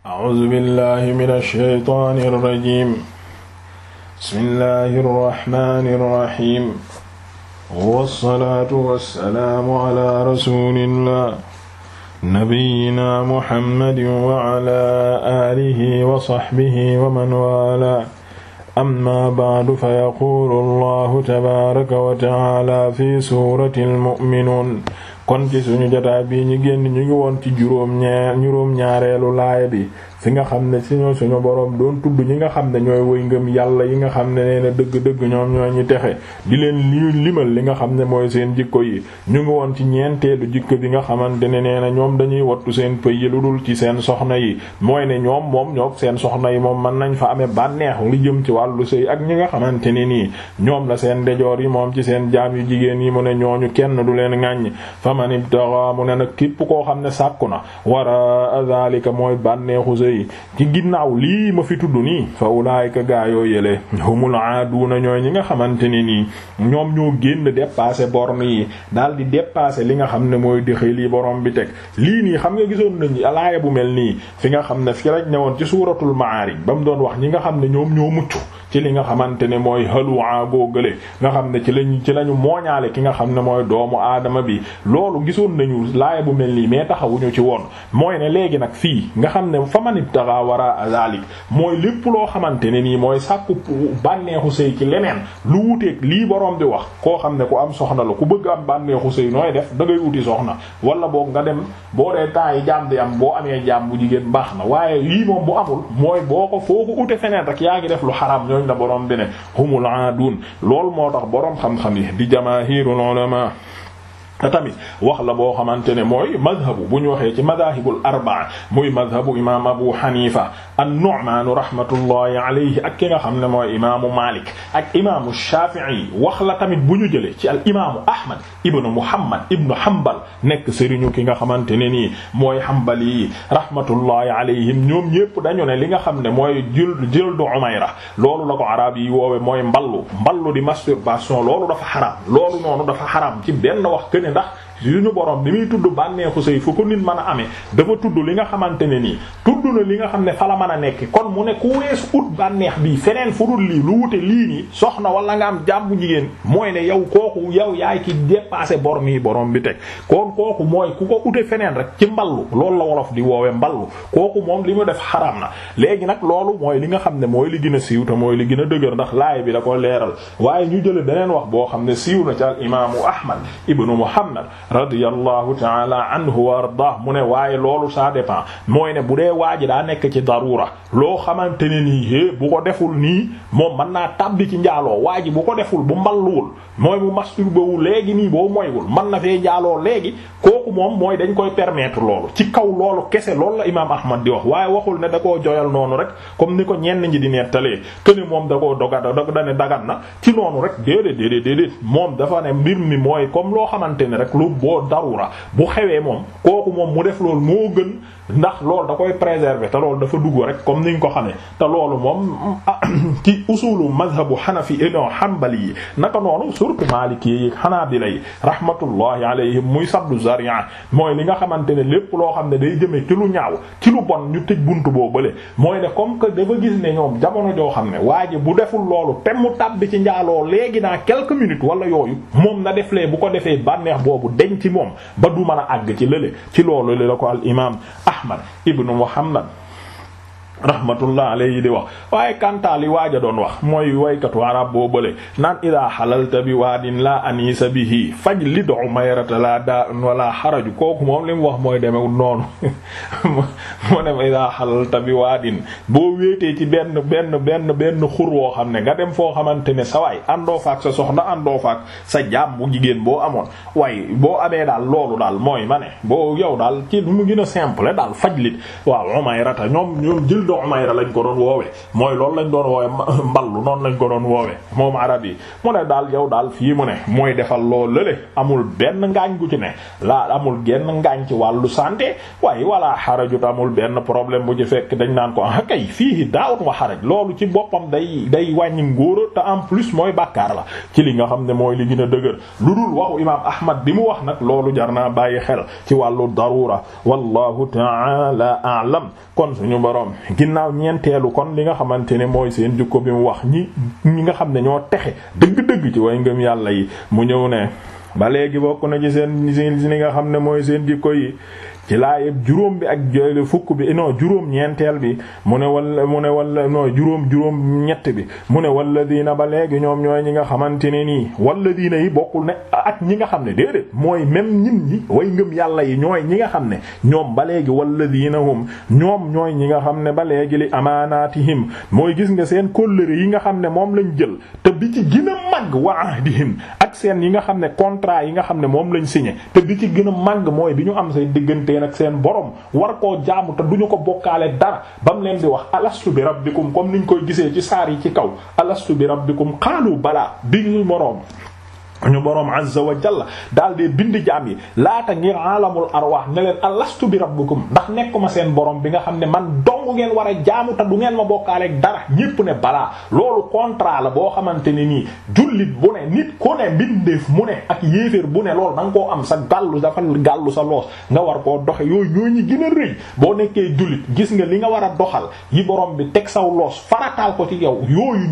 A'uuzu billaahi mina shaytaani rajiim. Bismillaahi rahmaani rahiim. Wassalaatu wassalaamu alaa rasuulillaah. Nabiyyinaa Muhammadin wa alaa aalihi wa sahbihi wa man waalaa. Ammaa ba'du fayaquulu Allaahu tabaaraka wa ta'aalaa fi suuratil mu'minuun. kon ci suñu jotaa bii ñu génn ñu ngi woon ci juróom ñaar juróom ñaareelu laaya bi fi nga xam ne siñu suñu boroom doon tudd ñi nga xam ne ñooy woy ngëm yàlla yi nga xam ne nee dëgg-dëgg ñoom ñoo ñu texe di leen li limal li nga xam ne mooy seen jikko yi ñu ngi woon ci ñeenteelu jikko bi nga xamante ne nee na ñoom dañuy wattu seen pëy yi lu dul ci seen soxna yi mooy ne ñoom moom ñoo seen soxna yi moom mën nañ fa amee bànneex li jëm ci wàllu sëy ak ñi nga xamante ni nii ñoom la seen ndejoor yi moom ci seen jaam yu jigéen yi mu ne ñu kenn du leen ŋàññ famanib taxa mu ne nag koo xam ne sàkku na wara zalika mooy bànneexu day ci ginnaaw lii ma fi tudd nii fa ulaayika gaayoo yële humul aaduna ñooy ñi nga xamante ne nii ñoom ñoo génn dépassé borne yi daal di dépassé li nga xam ne mooy dëxëy lii borom bi teg lii nii xam nga gisoon nañu alaaya bu mel nii fi nga xam ne fi rek ñëwoon ci suuratul maarij ba mu doon wax ñi nga xam ne ñoom ñoo mucc ci li nga xamante ne mooy haluwaa góogale nga xam ne ci lañ ci lañu mooñaale ki nga xam ne mooy doomu aadama bi loolu gisoon nañu laaya bu mel nii mais taxawuñu ci woon mooy ne léegi nag fii nga xam ne fa man ibtaxa wara azalik mooy lépp loo xamante ne nii mooy sàkku bànneexu sëy ci leneen lu wuteeg lii borom bi wax koo xam ne ku am soxna la ku bëgg am bànneexu sëy nooy def da ngay wuti soxna wala boog nga dem boo dee temps yi jaam di am boo amee jaam bu jigéen baax na waaye yii moom bu amul mooy boo ko foo ko ute feneen rek yaa ngi def lu xaraam ñooñ la borom bi ne humul aadun lool moo tax boroom xam-xam yi di jamaahirul ulama te tamit wax la boo xamante ne mooy madhabu bu ñu waxee ci madahibul arbaa muy madhabu imam abu hanifa an-Nu'maan rahmatullahi alayhi ak ki nga xam ne mooy imaamu Maalik ak imaamu Shaafi'i wax la tamit bu ñu jëlee ci al imaamu Ahmad ibnu Muhammad ibnu Hanbal nekk sëriñu ki nga xamante ne nii mooy Hanbali yi rahmatullahi alayhim ñoom ñépp dañu ne li nga xam ne mooy jul jildu Umayra loolu la ko arab yi woowe mooy mballu mballu di masturbation loolu dafa xaraam loolu noonu dafa xaraam ci benn wax que ne ndax si suñu borom bi muy tudd bànneexu sëy fu ko nit mën a amee dafa tudd li nga xamante ne nii tudd na li nga xam ne fa la mën a nekk kon mu ne ku wees ut bànneex bi feneen fu dul lii lu wute lii nii soxna walla nga am jàmbu jigéen mooy ne yow kooku yow yaay ki dépassé bor mi borom bi teg kon kooku mooy ku ko ute feneen rek ci mballu loolu la wolof di woowe mballu kooku moom li mu def xaraam na léegi nag loolu mooy li nga xam ne mooy li gën a siiw li gën a dëgër ndax laay bi da ko leeral waaye ñu jële beneen wax boo xam ne siiw na ci al imaamu ahmad ibnu muhammad radiyallahu taala anhu wa ardah mu ne waaye loolu saa dépend mooy ne bu dee waa ji daa nekk ci darura loo xamante ne nii bu ko deful nii moom man naa tabbi ci njaaloo waa ji bu ko deful bu mballuwul mooy bu masturbé wu léegi nii boo moywul man na fee njaaloo léegi kooku moom mooy dañ koy permettre loolu ci kaw loolu kese loolu la imaam Ahmad di wax waaye waxul ne da koo joyal noonu rek comme ni ko ñenn ñi di nettalee këne moom da koo doga da ne dagan na ci noonu rek déedéet déedéet ne mbir mi mooy comme loo xamante ne rek boo darura bu xewee moom kooku moom mu def loolu moo gën ndax loolu da koy préserver te loolu dafa dugg rek comme ni niñ ko xamee te loolu moom ah, ci usulu madhabu fi eh, non hanbali yi naka noonu surtout maliki yi xanaabila yi rahmatullahi alayhim muy sabdu zaria mooy li nga xamante ne lépp loo xam ne day jëmee ci lu ñaaw ci lu bon ñu tëj bunt boo bële mooy ne comme que dafa gis ne ñoom jamono joo xam ne waa ji bu deful loolu te mu tàbbi ci njaaloo léegi naa quelques minutes wala yooyu moom na deflee yem ci moom ba du mën a àgg ci lële ci loolu li la ko al imaam Ahmad ibnu Muhammad rahmatullah alayhi di wax waaye kantaal yi waaja doon wax mooy waykatu arab boo bële naan ida xalalta bi waadin la anisa bihi faj li do mayrata la da wala xaraju kooku moom li mu wax mooy demewul noonu mu ne ida xalalta bi waadin boo wéetee ci benn benn benn benn xur woo xam ne nga dem foo xamante ne sa waay àndoo faak sa soxna àndoo faak sa jaam bu jigéen boo amoon waaye boo amee daal loolu daal mooy ma ne boo yow daal ci mu gën a simple daal faj lit waaw umayrata ñoom ñoom jël jaddu Umayra lañ ko doon woowe mooy loolu lañ doon woowe mballu noonu lañ ko doon woowe moom arab yi mu daal yow daal fii mu ne mooy defal loolu lële amul benn ngaañ gu ci ne laa amul genn ngaañ ci wàllu santé waaye walla xarajut amul benn problème bu ci fekk dañ naan ko ah fii daawut wa loolu ci boppam day day wàññi ngóora te en plus mooy bàkkaar la ci li nga xam ne mooy li gën a dëgër lu dul waxu imaam Ahmad bi mu wax nag loolu jar naa bàyyi xel ci wàllu darura wallahu ta'ala a'lam kon suñu borom ginnaaw ñeenteelu kon li nga xamante ne mooy seen jukko bi mu wax ñi ñi nga xam ne ñoo texe dëgg-dëgg ci way ngëm yàlla yi mu ñëw ne ba léegi bokk na ci seen si li nga xam ne mooy seen jikko yi ci juróom bi ak fukk bi non juróom ñeenteel bi mu ne wala mu ne wala non juróom juróom ñett bi mu ne diina ba léegi ñoom ñooy ñi nga xamante ne nii walladina yi bokkul ne ak ñi nga xam ne déedéet mooy même ñin ñi yàlla yi ñooy ñi nga xam ne ñoom ba léegi walladina hum ñoom ñooy ñi nga xam ne ba léegi li amaanaatihim mooy gis nga seen kóllëre yi nga xam ne moom lañ jël te bi ci gën a màgg wa ahdihim ak seen yi nga xam ne contrat yi nga xam ne moom lañ signé te bi ci gën a màgg mooy bi ñu am seen diggante nag seen boroom war koo jaamu te duñu ko bokkaalee dara ba mu leen di wax alastu bi rabbikum comme ñu koy gisee ci saar yi ci kaw alastu bi rabbikum xaalu balaa bi ñu moroom ñu boroom azza wa jalla daal di bind jaam yi laata ngir alamul arwaax ne leen alastu bi rabbikum ndax nekkuma seen boroom bi nga xam ne man dong ngeen war a jaamu te du ngeen ma bokkaaleeg dara ñépp ne balaa loolu contrat la boo xamante ne nii jullit bu ne nit ko ne mbindeef mu ne ak yéeféer bu ne loolu da nga koo am sa gàllu dafa gàllu sa loos nga war koo doxe yooyu ñoo ñi gën rëy boo nekkee jullit gis nga li nga war a doxal yi boroom bi teg saw loos farataal ko ci yow yooyu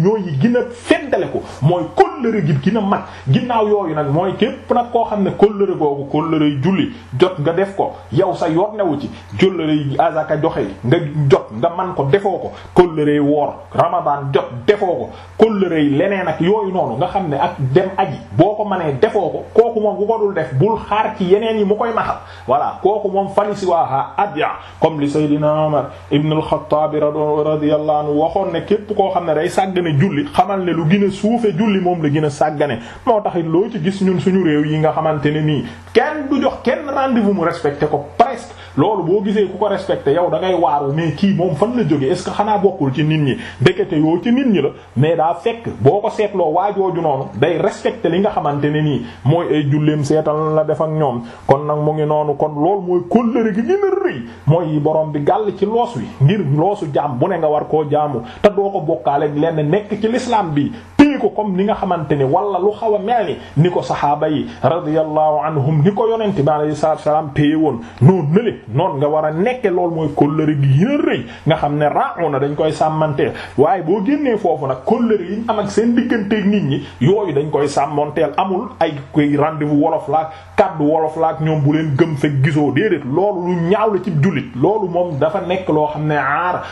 ginnaaw yooyu nag mooy képp nag koo xam ne kóllëre googu kóllëre julli jot nga def ko yow sa yoon newu ci la kóllëre azaka joxe nga jot nga man ko defoo ko kóllëre woor ramadan jot defoo ko kóllëre leneen ak yooyu noonu nga xam ne ak dem aji boo ko manee defoo ko kooku ma bu ko dul def bul xaar ci yeneen yi mu koy maxal voilà kooku moom fani si waaha adya comme li Seydina Umar ibn al-Khattab radiyallahu anhu waxoon ne képp koo xam ne day sàggane julli xamal ne lu gën a suufe julli moom la gën a sàggane moo taxit loo ci gis ñun suñu réew yi nga xamante ne nii kenn du jox kenn rendez-vous mu respecté ko presque loolu boo gisee ku ko respecté yow dangay ngay waaru mais kii moom fan la jógee est-ce que xanaa bokkul ci nit ñi ndekete yoo ci nit ñi la mais daa fekk boo ko seetloo waajooju noonu day respecté li nga xamante ne nii mooy ay julleem seetal la def ak ñoom kon nag mu ngi noonu kon loolu mooy kóllëre gi gën a rëy mooy borom bi gàll ci loos wi ngir loosu jaam bu ne nga war koo jaamu te doo ko bokkaale lenn nekk ci lislaam bi jëlee ko comme ni nga xamante ni wala lu xaw a mel ni ni ko saxaaba yi radiyallahu anhum ni ko yonent bi alayhi salaatu salaam téye woon noonu nële noonu nga war a nekke loolu mooy kóllëre gi gën a rëy nga xam ne raaxu na dañ koy sàmmanteel waaye boo génnee foofu nag kóllëre yi ñu seen digganteeg nit ñi yooyu dañ koy sàmmanteel amul ay koy rendez-vous wolof laak kaddu wolof laak ñoom bu leen gëm fekk gisoo déedéet loolu lu ñaaw la ci jullit loolu moom dafa nekk loo xam ne aar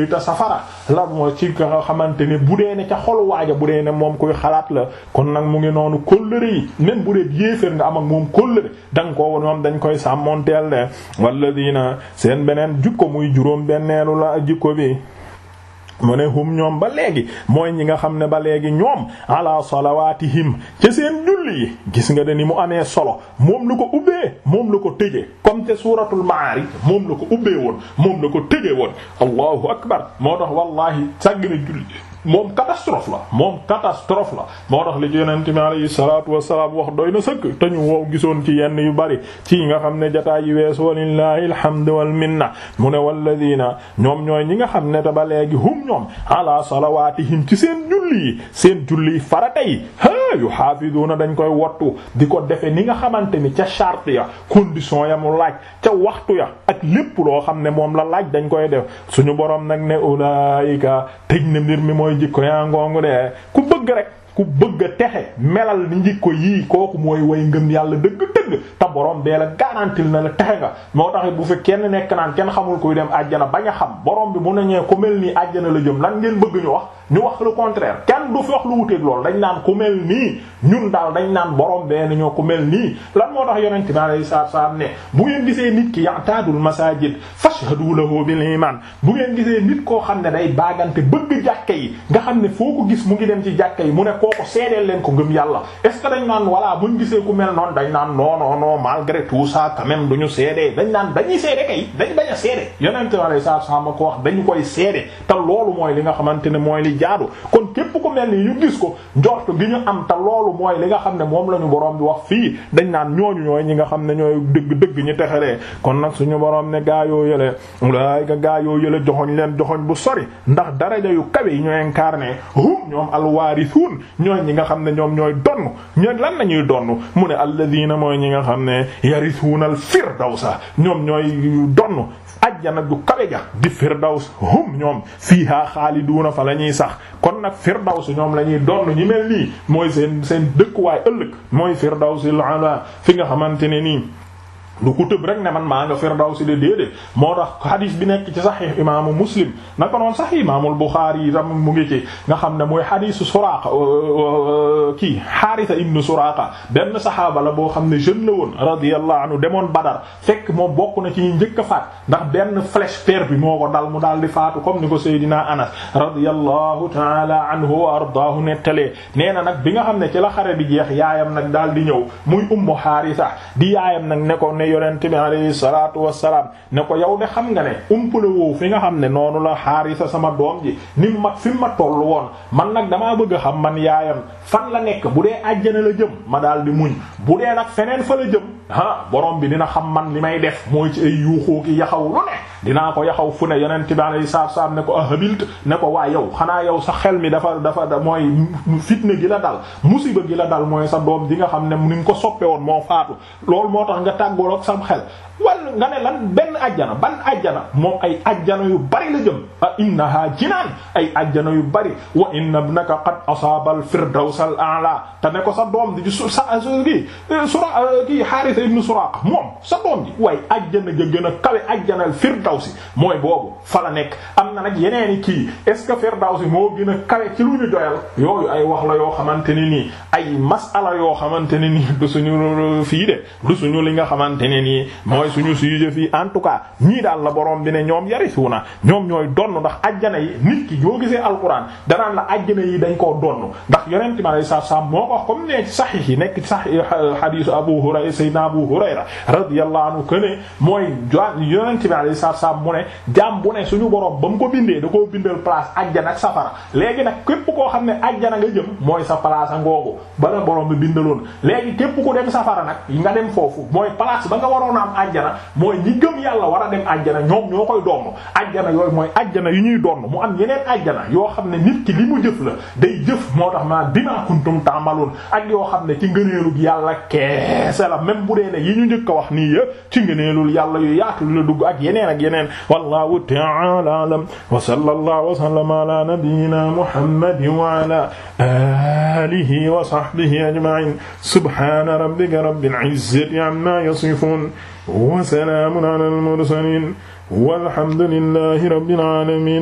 rëy ta safara la moo ci nga xamante ni bu dee ne ca xol waaja bu dee ne moom koy xalaat la kon nag mu ngi noonu kóllëre yi même bu dee yéeféer nga am ak moom kóllëre da nga ko moom dañ koy sàmmonteel de walla diina seen beneen jukko muy juróom benneelu la jikko bi mu ne hum ñoom ba léegi mooy ñi nga xam ne ba léegi ñoom ala salawatihim ca seen julli yi gis nga de ni mu amee solo moom lu ko ubbee moom la ko tëjee comme te suratul maari moom la ko ubbee woon moom la ko tëjee woon allahu akbar moo tax wallahi sàgg na julli moom catastrophe la moom catastrophe la moo tax li ci yonent mi alayhi wassalaam wax doy na sëkk te ñu wow gisoon ci yenn yu bari ci yi nga xam ne jataay yi wees walillahi alhamdu wal minna mu ne walladina ñoom ñooy ñi nga xam ne te ba léegi hum ñoom ala salawaatihim ci seen julli yi seen julli farata yi yu na dañ koy wottu di ko defe ni nga xamante ni ca charte ya condition ya mu laaj ca waxtu ya ak lépp loo xam ne moom la laaj dañ koy def suñu boroom nag ne ulaayika tëj na mbir mi mooy jikko yaa ngoongu de ku bëgg rek ku bëgg a texe melal ni njikko yii kooku mooy way ngëm yàlla dëgg-dëgg borom bee la garantil na la texe nga moo tax bu fi kenn nekk naan kenn xamul kuy dem àjjana bañ a xam borom bi mu ne ñee ku mel nii àjjana la jëm lan ngeen bëgg ñu wax ñu wax le contraire kenn du fi wax lu wuteeg loolu dañ naan ku mel nii ñun daal dañ naan borom bee na ñoo ku mel nii lan moo tax yonente baagante bëgg jàkke yi nga xam ne foo ko gis mu ngi dem ci jàkke yi mu ne kooko seedeel leen ko ngëm yàlla est dañ naan voilà buñ gisee malgré tout ça quand même duñu seede dañ naan dañuy seede kay dañ bañ a seede yonente alei satu ko wax dañu koy seede te loolu mooy li nga xamante ne mooy li jaadu kon képp ko mel ni yu gis ko njort gi ñu am te loolu mooy li nga xam ne moom lañu boroom bi wax fii dañ naan ñooñu ñooy ñi nga xam ne ñooy dëgg dëgg ñu texalee kon nag suñu boroom ne gaayoo yële ulaayika gaayoo yële joxoñ leen joxoñ bu sori ndax daraja yu kawe yi ñooy incarné hum ñoom alwaarisuun ñooy ñi nga xam ñoom ñooy donn ñooy lan lañuy donn mu ne alladina mooy ñi nga xam ne yarisuunal firdawsa ñoom ñooy donn ajjana du kawe ja di firdaws hum ñoom fiihaa xaaliduuna fa la ñuy sax kon nag firdaws ñoom lañuy ñuy donn ñi mel nii mooy seen seen dëkkuwaay ëllëg mooy firdawsil ala fi nga xamante ne du ko tëb rek ne man maa nga firdawsi de déedéet moo tax hadith bi nekk ci sahih imaamu muslim naka noonu sahih imaamul buxaari yi tam mu ngi ci nga xam ne mooy hadith suraaqa euh, euh, kii xaarisa ibnu suraaqa benn saxaaba la boo xam ne jeune la woon radiyallahu anhu demoon Badar fekk moo bokk na ci njëkk a faat ndax benn flèche fer bi moo ko dal mu daal di faatu comme ni ko Seydina Anas radiyallahu taala anhu wa ne nettalee nee na nag bi nga xam ne ci la xare bi jeex yaayam nag daal di ñëw yonent bi alayhi salaatu wassalaam ne ko yow de xam nga ne umpale woowu fi nga xam ne noonu la xaarisa sama doom ji ni mu mag fi mu ma toll woon man nag damaa bëgg a xam man yaayam fan la nekk bu dee àjjana la jëm ma daal di muñ bu dee nag feneen fa la jëm ah borom bi dina xam man li may def mooy ci ay yuuxoo ki yaxaw lu ne dinaa ko yaxaw fu ne yonent bi alayhi salaatu salaam ne ko ahabilt ne ko waa yow xanaa yow sa xel mi dafa dafa mooy fitna gi la dal musiba gi la dal mooy sa doom di nga xam ne ni nga ko soppe woon moo faatu loolu moo tax nga tàggoo ak sam xel wal nga ne lan benn ajjana ban ajjana moom ay ajjana yu bari la jëm a innaha jinaan ay ajjana yu bari wa inna ibnaka qad asaaba al firdaws al a'la te ne ko sa doom di sa gi te ibnu Suraaqa moom sa doom ji waaye ajjana ja gën a kawe ajjanal firdawsi mooy boobu fa la nekk am na nag yeneeni kii est-ce que firdawsi moo gën a kawe ci lu ñu doyal yooyu ay wax la yoo xamante ne nii ay masala yoo xamante ne nii du suñu fii de du suñu li nga xamante ne nii mooy suñu sujet fii en tout cas ñii daal la borom bi ne ñoom na ñoom ñooy donn ndax ajjana yi nit ki yoo gisee alquran danaan la ajjana yi dañ koo donn ndax yonent mi alayhi salaam Abu Hurayra radiyallahu anhu que ne mooy yonent bi alayhi salaatu salaam mu ne jaam bu ne suñu borom ba mu ko bindee da koo bindal place ajjana ak safara léegi nag képp koo xam ne ajjana nga jëm mooy sa place a ba la borom bi bindaloon léegi képp ku dem safara nag nga dem foofu mooy place ba nga waroon am ajjana mooy ñi gëm yàlla war a dem ajjana ñoom ñoo koy doon ajjana yooyu mooy ajjana yu ñuy doon mu am yeneen ajjana yoo xam ne nit ki li mu jëf la day jëf moo tax ma bima kuntum ta'malun ak yoo xam ne ci ngëneelu yàlla keese dee ne yi ñu njëkk a wax nii yëpp ci ngëneelul yàlla yu yaatu la dugg ak yeneen ak yeneen wallahu ta'ala alam wa sallallahu wa sallama ala nabiyyina muhammadin wa ala alihi wa sahbihi ajma'in subhana rabbika rabbil izzati amma yasifun wa salamun ala al mursalin walhamdulillahi rabbil alamin